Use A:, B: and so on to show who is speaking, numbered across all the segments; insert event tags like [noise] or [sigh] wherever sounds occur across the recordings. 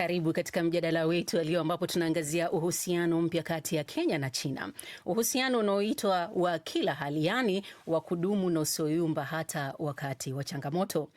A: Karibu katika mjadala wetu wa leo ambapo tunaangazia uhusiano mpya kati ya Kenya na China, uhusiano unaoitwa wa kila hali, yaani wa kudumu na usioyumba hata wakati wa changamoto.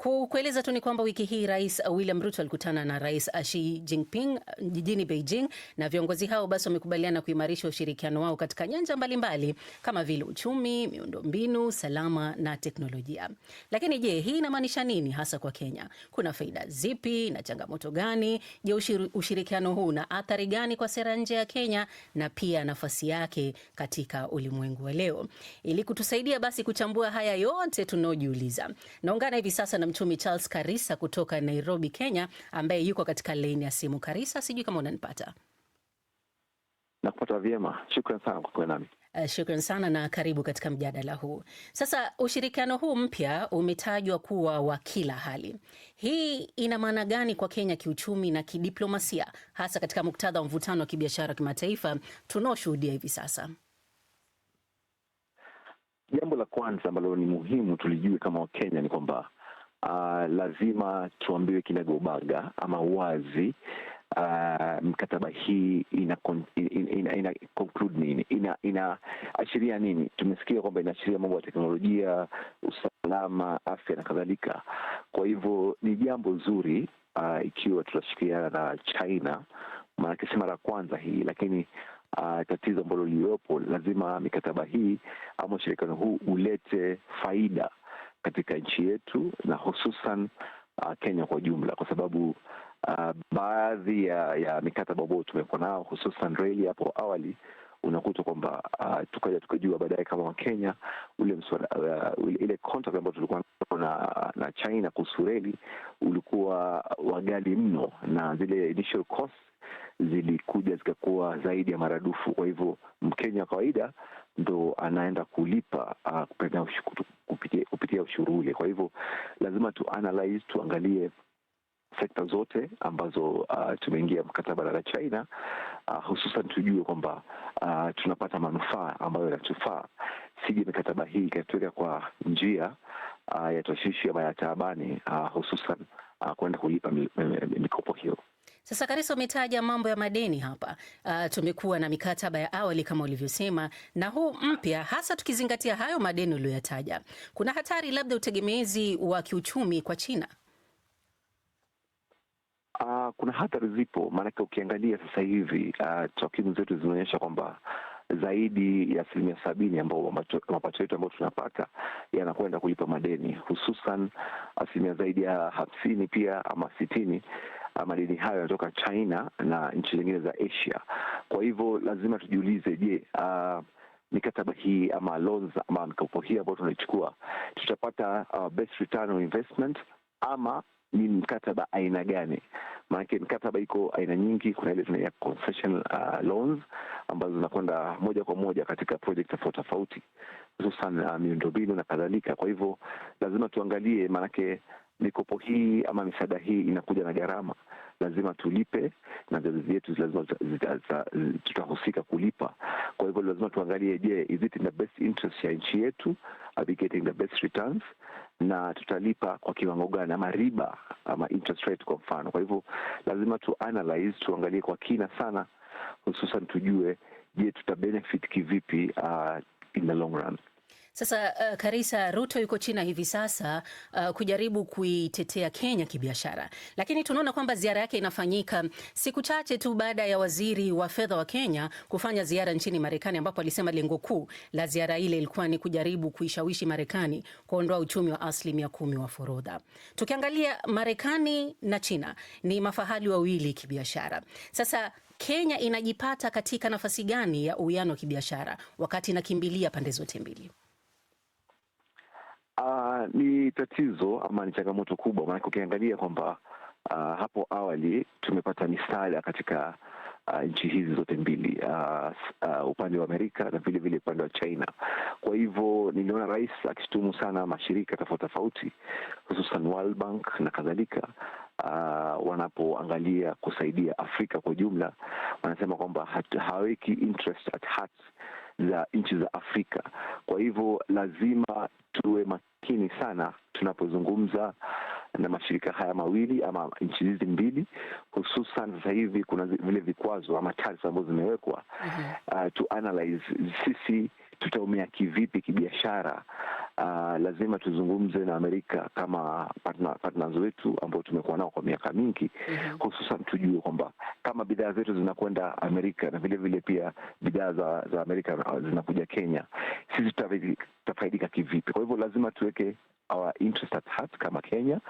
A: Kukueleza tu ni kwamba wiki hii Rais uh, William Ruto alikutana na Rais uh, Xi Jinping uh, jijini Beijing, na viongozi hao basi wamekubaliana kuimarisha ushirikiano wao katika nyanja mbalimbali mbali, kama vile uchumi, miundombinu, salama na teknolojia. Lakini je, hii inamaanisha nini hasa kwa Kenya? Kuna faida zipi na changamoto gani? Je, ushirikiano huu na athari gani kwa sera nje ya Kenya na pia nafasi yake katika ulimwengu wa leo? Ili kutusaidia basi kuchambua haya yote tunaojiuliza, naungana hivi sasa na Mchumi Charles Karisa kutoka Nairobi, Kenya, ambaye yuko katika laini ya simu. Karisa, sijui kama unanipata?
B: Nakupata vyema, shukran sana kwa kuwa nami.
A: Uh, shukran sana na karibu katika mjadala huu. Sasa ushirikiano huu mpya umetajwa kuwa wa kila hali. Hii ina maana gani kwa Kenya kiuchumi na kidiplomasia, hasa katika muktadha wa mvutano wa kibiashara kimataifa tunaoshuhudia hivi sasa?
B: Jambo la kwanza ambalo ni muhimu tulijue kama Wakenya ni kwamba uh, lazima tuambiwe kinaga ama wazi uh, mkataba hii ina, ina, ina, ina conclude nini, inaashiria nini. Tumesikia kwamba inaashiria mambo ya teknolojia, usalama, afya na kadhalika. Kwa hivyo ni jambo zuri uh, ah, ikiwa tutashirikiana na China, maanake si mara ya kwanza hii, lakini Uh, tatizo ambalo liliwepo lazima mikataba hii ama ushirikiano huu ulete faida katika nchi yetu na hususan uh, Kenya kwa ujumla, kwa sababu uh, baadhi ya, ya mikataba ambao tumekuwa nao hususan reli hapo awali unakuta kwamba uh, tukaja tukajua baadaye kama Wakenya ule mswada uh, ile contract ambayo tulikuwa na, na China kuhusu reli ulikuwa wagali mno, na zile initial cost zilikuja zikakuwa zaidi ya maradufu. Kwa hivyo Mkenya wa kawaida ndo anaenda kulipa uh, kupitia ushuru ule. Kwa hivyo lazima tu analyze, tuangalie sekta zote ambazo uh, tumeingia mkataba na China uh, hususan tujue kwamba uh, tunapata manufaa ambayo yanatufaa, sije mikataba hii ikatuweka kwa njia uh, ya tashishi ama ya taabani uh, hususan uh, kwenda kulipa mikopo hiyo.
A: Sasa Karisa, umetaja mambo ya madeni hapa. Uh, tumekuwa na mikataba ya awali kama ulivyosema, na huu mpya, hasa tukizingatia hayo madeni uliyoyataja, kuna hatari labda utegemezi wa kiuchumi kwa China?
B: Uh, kuna hatari zipo, maanake ukiangalia sasa hivi uh, takwimu zetu zinaonyesha kwamba zaidi ya asilimia sabini ambao mapato yetu ambayo tunapata yanakwenda kulipa madeni, hususan asilimia zaidi ya hamsini pia ama sitini Ah, madini hayo yanatoka China na nchi zingine za Asia. Kwa hivyo lazima tujiulize, je, uh, mikataba hii ama loans ama mikopo hii ambayo tunaichukua tutapata uh, best return on investment ama ni mkataba aina gani? Maanake mkataba iko aina nyingi. Kuna ile tunaita concession uh, loans ambazo zinakwenda moja kwa moja katika project tofauti tofauti, hususan uh, miundombinu na kadhalika. Kwa hivyo lazima tuangalie, maanake mikopo hii ama misaada hii inakuja na gharama lazima tulipe na ngazi zetu lazima tutahusika kulipa. Kwa hivyo lazima tuangalie, je, is it in the best interest ya nchi yetu? Are we getting the best returns? na tutalipa kwa kiwango gani, ama riba ama interest rate kwa mfano. Kwa hivyo lazima tu analyze, tuangalie kwa kina sana, hususan tujue, je, tuta benefit kivipi uh, in the long run.
A: Sasa uh, Karisa, Ruto yuko China hivi sasa uh, kujaribu kuitetea Kenya kibiashara, lakini tunaona kwamba ziara yake inafanyika siku chache tu baada ya waziri wa fedha wa Kenya kufanya ziara nchini Marekani, ambapo alisema lengo kuu la ziara ile ilikuwa ni kujaribu kuishawishi Marekani kuondoa uchumi wa asilimia kumi wa forodha. Tukiangalia Marekani na China ni mafahali wawili kibiashara. Sasa Kenya inajipata katika nafasi gani ya uwiano wa kibiashara wakati inakimbilia pande zote mbili?
B: Uh, ni tatizo ama ni changamoto kubwa, maanake ukiangalia kwamba uh, hapo awali tumepata misaada katika uh, nchi hizi zote mbili uh, uh, upande wa Amerika na vile vile upande wa China. Kwa hivyo niliona rais akishutumu sana mashirika tofauti tofauti hususan World Bank na kadhalika uh, wanapoangalia kusaidia Afrika kwa jumla, wanasema kwamba haweki interest at heart za nchi za Afrika. Kwa hivyo lazima tuwe makini sana tunapozungumza na mashirika haya mawili ama nchi hizi mbili, hususan sasa hivi kuna vile vikwazo ama tarifa ambazo zimewekwa. Mhm. Uh, tu analyze sisi tutaumia kivipi kibiashara uh, lazima tuzungumze na Amerika kama partner, wetu ambao tumekuwa nao kwa miaka mingi mm -hmm. Hususan tujue kwamba kama bidhaa zetu zinakwenda Amerika na vile vile pia bidhaa za, za Amerika ah, zinakuja Kenya, sisi tutafaidika kivipi? Kwa hivyo lazima tuweke our interest at heart kama Kenya,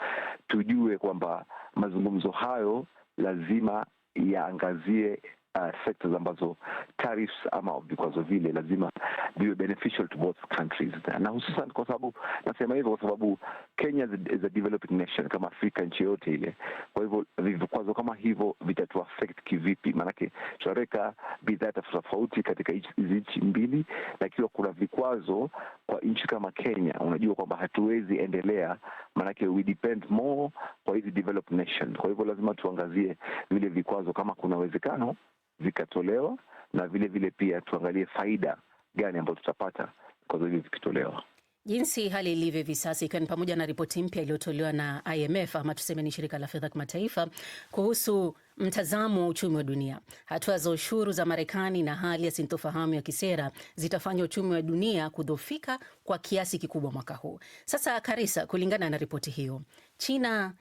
B: tujue kwamba mazungumzo hayo lazima yaangazie uh, sectors ambazo tariffs ama vikwazo vile lazima viwe beneficial to both countries, na hususan kwa sababu nasema hivyo kwa sababu Kenya is a developing nation kama Afrika, nchi yote ile. Kwa hivyo vikwazo kama hivyo vitatuaffect kivipi? Maanake tutaweka bidhaa tofauti katika hizi nchi mbili, na ikiwa kuna vikwazo kwa nchi kama Kenya, unajua kwamba hatuwezi endelea, maanake we depend more kwa hizi developed nation. Kwa hivyo lazima tuangazie vile vikwazo kama kuna uwezekano vikatolewa, na vile vile pia tuangalie faida gani ambayo tutapata kwa zaidi zikitolewa
A: Jinsi hali ilivyo hivi sasa, ikiwa ni pamoja na ripoti mpya iliyotolewa na IMF ama tuseme ni shirika la fedha kimataifa kuhusu mtazamo wa uchumi wa dunia, hatua za ushuru za Marekani na hali ya sintofahamu ya kisera zitafanya uchumi wa dunia kudhofika kwa kiasi kikubwa mwaka huu. Sasa Karisa, kulingana na ripoti hiyo, China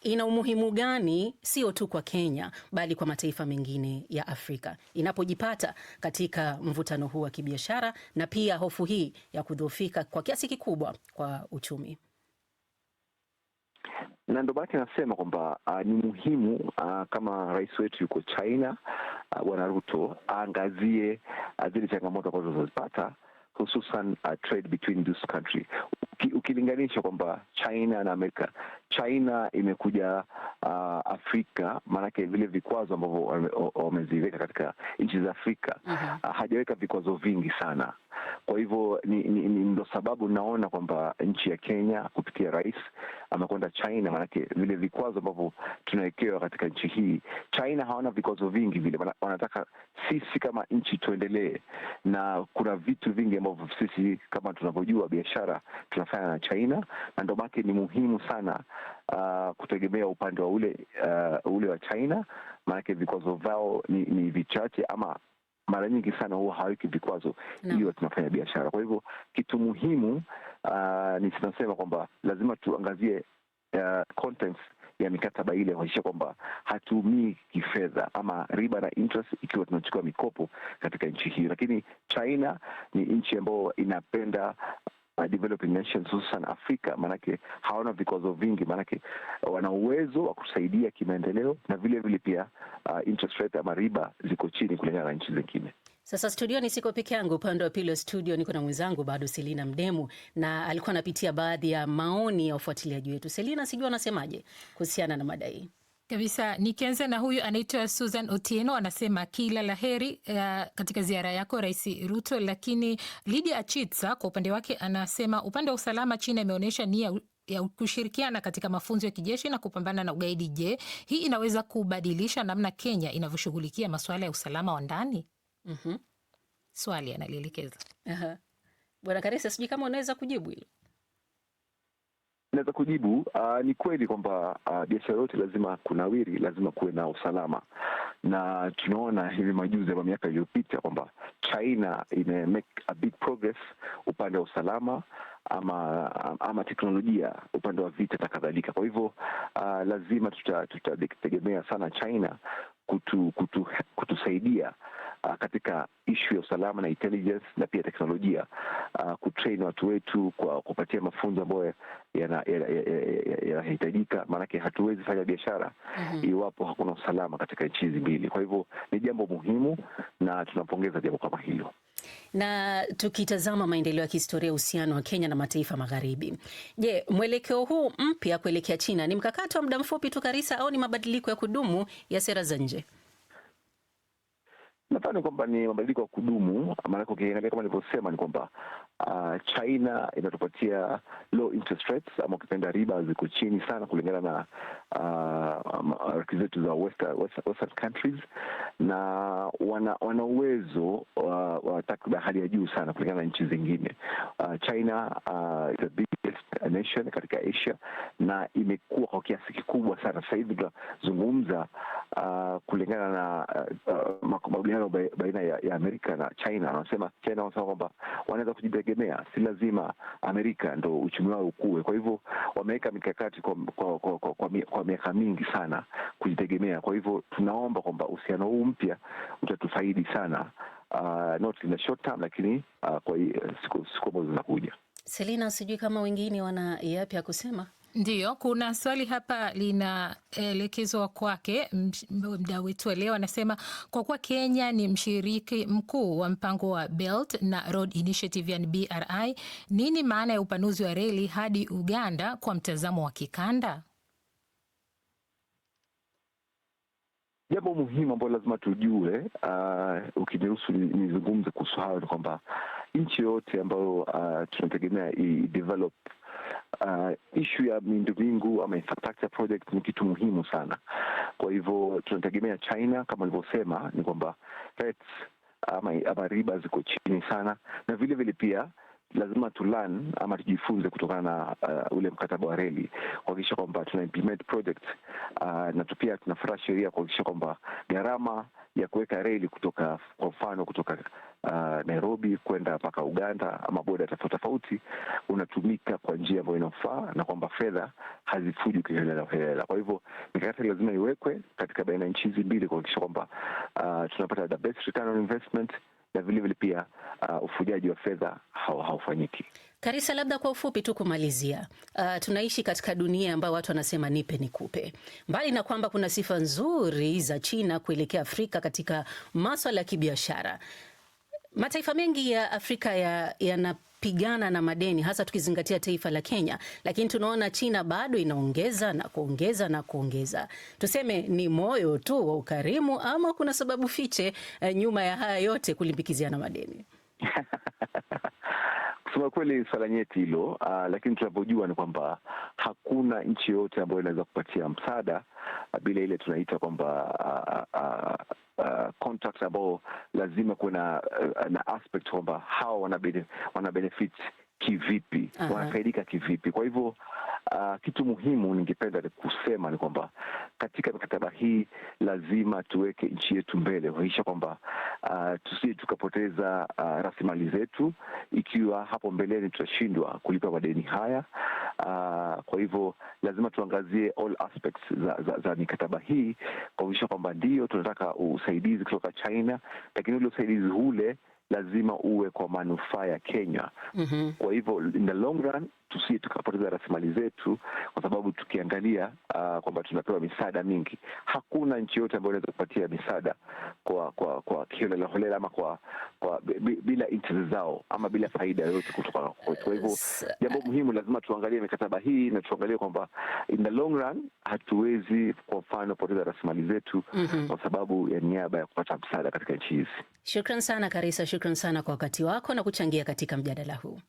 A: ina umuhimu gani sio tu kwa Kenya bali kwa mataifa mengine ya Afrika inapojipata katika mvutano huu wa kibiashara na pia hofu hii ya kudhoofika kwa kiasi kikubwa kwa uchumi?
B: Na ndo bahati anasema kwamba uh, ni muhimu uh, kama rais wetu yuko China bwana uh, Ruto aangazie uh, zile changamoto ambazo zinazipata hususan uh, trade between this country ukilinganisha kwamba China na Amerika, China imekuja uh, Afrika, maanake vile vikwazo ambavyo wameziweka katika nchi za Afrika uh -huh. uh, hajaweka vikwazo vingi sana kwa hivyo ni, ni, ni ndo sababu naona kwamba nchi ya Kenya kupitia rais ama kwenda China, maanake vile vikwazo ambavyo tunawekewa katika nchi hii, China hawana vikwazo vingi vile, wanataka sisi kama nchi tuendelee, na kuna vitu vingi ambavyo sisi kama tunavyojua biashara tunafanya na China, na ndo maana ni muhimu sana uh, kutegemea upande wa ule, uh, ule wa China, maanake vikwazo vyao ni, ni vichache ama mara nyingi sana huwa haweki vikwazo no. tunafanya biashara. Kwa hivyo kitu muhimu uh, ni tunasema kwamba lazima tuangazie uh, contents ya mikataba ile kuhakikisha kwamba hatuumii kifedha ama riba na interest ikiwa tunachukua mikopo katika nchi hiyo. Lakini China ni nchi ambayo inapenda uh, developing nations hususan Afrika, maanake hawana vikwazo vingi, maanake wana uwezo wa kusaidia kimaendeleo na vile vile pia uh, interest rate ama riba ziko chini kulingana na nchi zingine.
A: Sasa studioni siko peke yangu, upande wa pili wa studio niko na mwenzangu bado Selina Mdemu, na alikuwa anapitia baadhi ya maoni ya ufuatiliaji wetu. Selina, sijui anasemaje kuhusiana na madai
C: kabisa, nikianza na huyu anaitwa Susan Otieno, anasema kila heri uh, katika ziara yako Rais Ruto. Lakini Lydia Achitsa kwa upande wake anasema upande wa usalama, China imeonyesha nia ya kushirikiana katika mafunzo ya kijeshi na kupambana na ugaidi. Je, hii inaweza kubadilisha namna Kenya inavyoshughulikia masuala ya usalama wa ndani? mm -hmm. Swali analielekeza
A: Bwana Karisa, sijui kama unaweza kujibu hilo.
B: Naweza kujibu. Uh, ni kweli kwamba uh, biashara yote lazima kunawiri, lazima kuwe na usalama, na tunaona hivi majuzi ama miaka iliyopita kwamba China ime make a big progress upande wa usalama ama ama teknolojia upande wa vita na kadhalika. Kwa hivyo uh, lazima tutategemea tuta sana China kutu, kutu, kutusaidia uh, katika ishu ya usalama na intelligence na pia teknolojia uh, kutrain watu wetu kwa kupatia mafunzo ambayo yanahitajika, maanake hatuwezi fanya biashara mm -hmm. iwapo hakuna usalama katika nchi hizi mbili. Kwa hivyo ni jambo muhimu na tunapongeza jambo kama hilo
A: na tukitazama maendeleo ya kihistoria uhusiano wa Kenya na mataifa magharibi, je, mwelekeo huu mpya kuelekea China ni mkakati wa muda mfupi tu, Karisa, au ni mabadiliko ya kudumu ya sera za nje?
B: Nadhani kwamba ni mabadiliko ya kudumu, maanake ukiangalia kama nilivyosema ni kwamba uh, China inatupatia low interest rates, ama ukipenda riba ziko chini sana kulingana na ah, rafiki uh, zetu za western, western, western countries, na wana wana uwezo ah, wa uh, takriban hali ya juu sana kulingana na nchi zingine. Uh, China uh, is the biggest nation katika Asia na imekuwa kwa kiasi kikubwa sana. Sasa hivi tunazungumza uh, kulingana na uh, uh, makubaliano baina ya, ya Amerika na China. Wanasema China wanasema kwamba wanaweza kujitegemea, si lazima Amerika ndo uchumi wao ukue. Kwa hivyo wameweka mikakati kwa, kwa, kwa, kwa, kwa, kwa miaka mingi sana kujitegemea. Kwa hivyo tunaomba kwamba uhusiano huu mpya utatufaidi sana, uh, not in the short term, lakini uh, kwa uh, siku ambazo zinakuja.
A: Selina, sijui kama wengine wana yapi ya kusema.
C: Ndiyo, kuna swali hapa linaelekezwa kwake mda wetu leo, anasema kwa kuwa Kenya ni mshiriki mkuu wa mpango wa Belt na Road Initiative, yani BRI, nini maana ya upanuzi wa reli hadi Uganda kwa mtazamo wa kikanda?
B: Jambo muhimu ambayo lazima tujue, uh, ukiniruhusu nizungumze kuhusu hayo ni kwamba nchi yoyote ambayo uh, tunategemea i develop uh, ishu ya miundombinu ama infrastructure project ni kitu muhimu sana. Kwa hivyo tunategemea China kama ulivyosema, ni kwamba rates ama, ama riba ziko chini sana na vilevile vile pia lazima tu learn ama tujifunze kutokana na uh, ule mkataba wa reli kuhakikisha kwamba tuna implement project uh, na pia tunafuata sheria kuhakikisha kwamba gharama ya kuweka reli kutoka kwa mfano kutoka uh, Nairobi kwenda mpaka Uganda ama boda tofauti tofauti unatumika kwa njia ambayo inaofaa na kwamba fedha hazifuji kiholelaholela. Kwa hivyo mikakati lazima iwekwe katika baina ya nchi hizi mbili kuhakikisha kwamba uh, tunapata the best return on investment na vilevile pia uh, ufujaji wa fedha haufanyiki.
A: Karisa, labda kwa ufupi tu kumalizia, uh, tunaishi katika dunia ambayo watu wanasema nipe nikupe. Mbali na kwamba kuna sifa nzuri za China kuelekea Afrika katika maswala ya kibiashara, mataifa mengi ya Afrika yana pigana na madeni hasa tukizingatia taifa la Kenya, lakini tunaona China bado inaongeza na kuongeza na kuongeza. Tuseme ni moyo tu wa ukarimu ama kuna sababu fiche eh, nyuma ya haya yote kulimbikiziana madeni? [laughs]
B: Kusema kweli swala nyeti hilo, ah, lakini tunavyojua ni kwamba hakuna nchi yoyote ambayo inaweza kupatia msaada ah, bila ile tunaita kwamba ah, contract ambao lazima kuwe eh, na aspect kwamba hawa wana benefit kivipi, wanafaidika kivipi? Kwa hivyo uh, kitu muhimu ningependa kusema ni kwamba katika mikataba hii lazima tuweke nchi yetu mbele kuhakikisha kwamba uh, tusije tukapoteza uh, rasilimali zetu, ikiwa hapo mbeleni tutashindwa kulipa madeni haya. Uh, kwa hivyo lazima tuangazie all aspects za, za, za mikataba hii kuhakikisha kwamba ndiyo tunataka usaidizi kutoka China, lakini ule usaidizi ule lazima uwe kwa manufaa ya Kenya. mm -hmm. Kwa hivyo in the long run tusi tukapoteza rasilimali zetu, kwa sababu tukiangalia uh, kwamba tunapewa misaada mingi. Hakuna nchi yote ambayo inaweza kupatia misaada kwa kwa kwa ama kwa kwa bila interest zao ama bila faida yoyote kutoka kwetu. Kwa hivyo jambo muhimu, lazima tuangalie mikataba hii na tuangalie kwamba in the long run hatuwezi kwa mfano poteza rasilimali zetu mm -hmm. kwa sababu ya niaba ya kupata msaada katika nchi hizi.
A: Shukran sana Karisa, shukran sana kwa wakati wako na kuchangia katika mjadala huu.